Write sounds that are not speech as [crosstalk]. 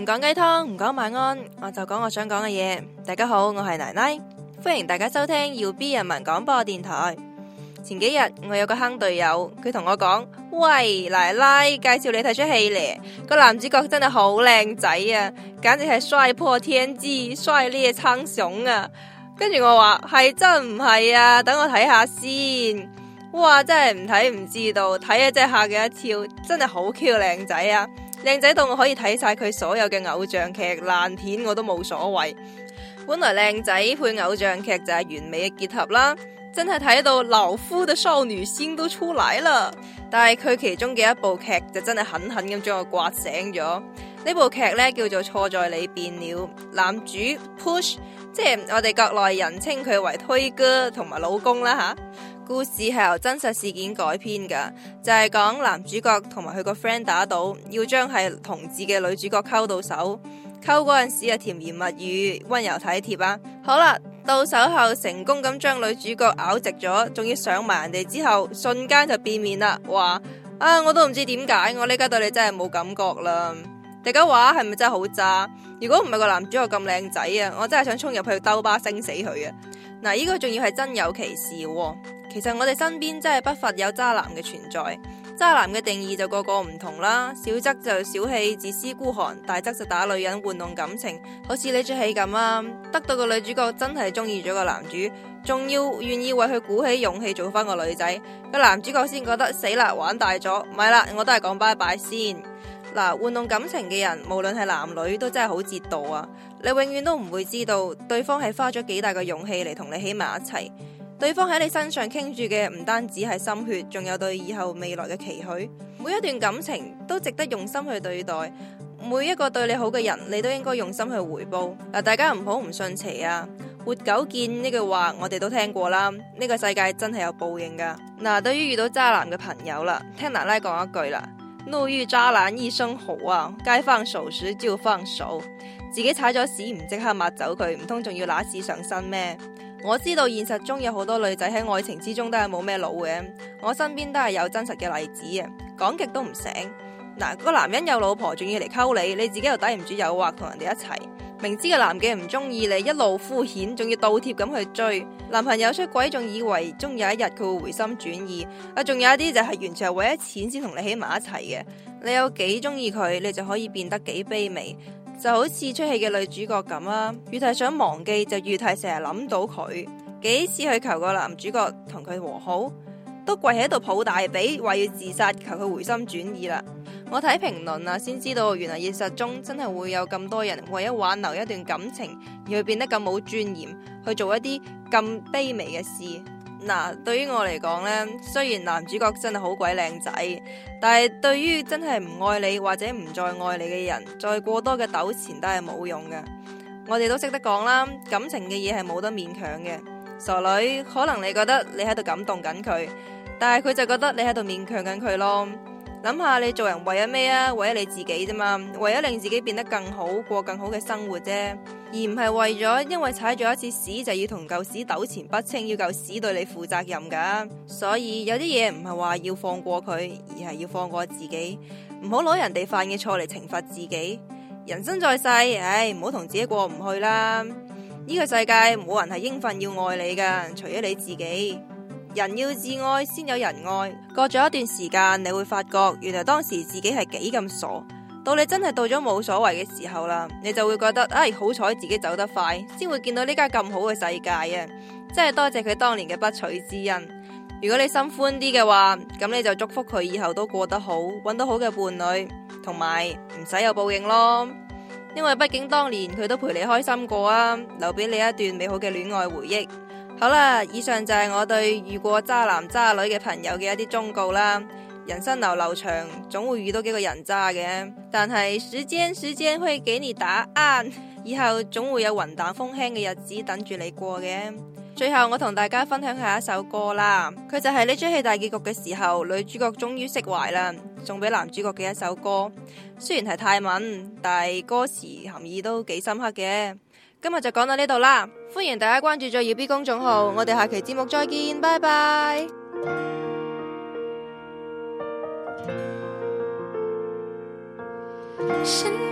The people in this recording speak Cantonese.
唔講雞湯，唔講晚安，我就講我想講嘅嘢。大家好，我係奶奶，歡迎大家收聽耀 B 人民廣播電台。前幾日我有個坑隊友，佢同我講：喂，奶奶，介紹你睇出戲咧，個男主角真係好靚仔啊，簡直係帥破天際，帥裂蒼穹啊！跟住我話係真唔係啊，等我睇下先。哇，真係唔睇唔知道，睇啊真係吓幾一跳，真係好 Q 靚仔啊！靚仔到我可以睇晒佢所有嘅偶像劇爛片我都冇所謂，本來靚仔配偶像劇就係完美嘅結合啦，真係睇到老夫的少女心都出嚟啦。但係佢其中嘅一部劇就真係狠狠咁將我刮醒咗，部劇，呢部劇咧叫做錯在你變了，男主 Push 即係我哋國內人稱佢為推哥同埋老公啦吓。故事係由真實事件改編噶，就係講男主角同埋佢個 friend 打賭，要將係同志嘅女主角溝到手，溝嗰陣時嘅甜言蜜語、溫柔體貼啊。好啦，到手後成功咁將女主角拗直咗，仲要上埋人哋之後，瞬間就變面啦，話啊我都唔知點解，我呢家對你真係冇感覺啦。大家話係咪真係好渣？如果唔係個男主角咁靚仔啊，我真係想衝入去兜巴星死佢啊！嗱，呢個仲要係真有其事喎、啊。其實我哋身邊真係不乏有渣男嘅存在，渣男嘅定義就個個唔同啦。小則就小氣自私孤寒，大則就打女人玩弄感情，好似你出戲咁啦。得到個女主角真係中意咗個男主，仲要願意為佢鼓起勇氣做翻個女仔，個男主角先覺得死啦玩大咗，咪啦我都係講拜拜先。嗱，玩弄感情嘅人，無論係男女，都真係好折墮啊！你永遠都唔會知道對方係花咗幾大嘅勇氣嚟同你起埋一齊。對方喺你身上傾住嘅唔單止係心血，仲有對以後未來嘅期許。每一段感情都值得用心去對待，每一個對你好嘅人，你都應該用心去回報。嗱，大家唔好唔信邪啊！活久見呢句話我哋都聽過啦。呢、這個世界真係有報應噶。嗱、嗯，對於遇到渣男嘅朋友啦，聽奶奶講一句啦：路見渣男一聲吼啊！該放手時就放手，自己踩咗屎唔即刻抹走佢，唔通仲要揦屎上身咩？我知道現實中有好多女仔喺愛情之中都係冇咩腦嘅，我身邊都係有真實嘅例子啊！講極都唔醒。嗱、那，個男人有老婆，仲要嚟溝你，你自己又抵唔住誘惑，同人哋一齊。明知個男嘅唔中意你，一路敷衍，仲要倒貼咁去追。男朋友出軌，仲以為終有一日佢會回心轉意。啊，仲有一啲就係完全係為咗錢先同你喺埋一齊嘅。你有幾中意佢，你就可以變得幾卑微。就好似出戲嘅女主角咁啊。越係想忘記就越係成日諗到佢，幾次去求個男主角同佢和好，都跪喺度抱大髀話要自殺求佢回心轉意啦。我睇評論啊，先知道原來現實中真係會有咁多人為咗挽留一段感情而會變得咁冇尊嚴，去做一啲咁卑微嘅事。嗱、啊，對於我嚟講呢，雖然男主角真係好鬼靚仔，但係對於真係唔愛你或者唔再愛你嘅人，再過多嘅糾纏都係冇用嘅。我哋都識得講啦，感情嘅嘢係冇得勉強嘅。傻女，可能你覺得你喺度感動緊佢，但係佢就覺得你喺度勉強緊佢咯。諗下你做人為咗咩啊？為咗你自己啫嘛，為咗令自己變得更好，過更好嘅生活啫，而唔係為咗因為踩咗一次屎就要同舊屎糾纏不清，要舊屎對你負責任噶。所以有啲嘢唔係話要放過佢，而係要放過自己，唔好攞人哋犯嘅錯嚟懲罰自己。人生在世，唉，唔好同自己過唔去啦。呢個世界冇人係應份要愛你噶，除咗你自己。人要自愛先有人愛。過咗一段時間，你會發覺原來當時自己係幾咁傻。到你真係到咗冇所謂嘅時候啦，你就會覺得哎，好彩自己走得快，先會見到呢家咁好嘅世界啊！真係多謝佢當年嘅不娶之恩。如果你心寬啲嘅話，咁你就祝福佢以後都過得好，搵到好嘅伴侶，同埋唔使有報應咯。因為畢竟當年佢都陪你開心過啊，留俾你一段美好嘅戀愛回憶。好啦，以上就係我對遇過渣男渣女嘅朋友嘅一啲忠告啦。人生流流長，總會遇到幾個人渣嘅，但係時間時間會俾你答案，以後總會有雲淡風輕嘅日子等住你過嘅。最後，我同大家分享下一首歌啦，佢就係呢齣戲大結局嘅時候，女主角終於釋懷啦，送俾男主角嘅一首歌。雖然係泰文，但係歌詞含義都幾深刻嘅。今日就講到呢度啦，歡迎大家關注在二 B 公眾號，我哋下期節目再見，拜拜。 [music]